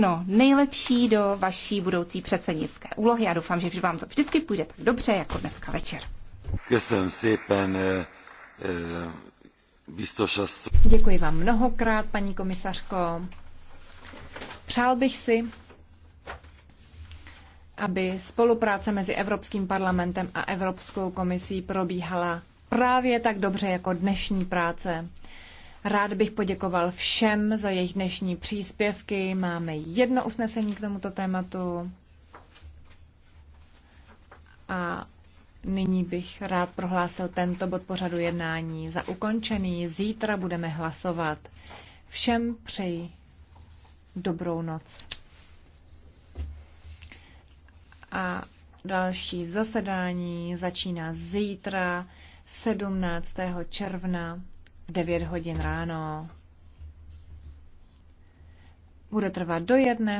všechno nejlepší do vaší budoucí předsednické úlohy a doufám, že vám to vždycky půjde tak dobře, jako dneska večer. Eh, eh, Děkuji vám mnohokrát, paní komisařko. Přál bych si, aby spolupráce mezi Evropským parlamentem a Evropskou komisí probíhala právě tak dobře jako dnešní práce. Rád bych poděkoval všem za jejich dnešní příspěvky. Máme jedno usnesení k tomuto tématu. A nyní bych rád prohlásil tento bod pořadu jednání za ukončený. Zítra budeme hlasovat. Všem přeji dobrou noc. A další zasedání začíná zítra 17. června 9 hodin ráno. Bude trvat do jedné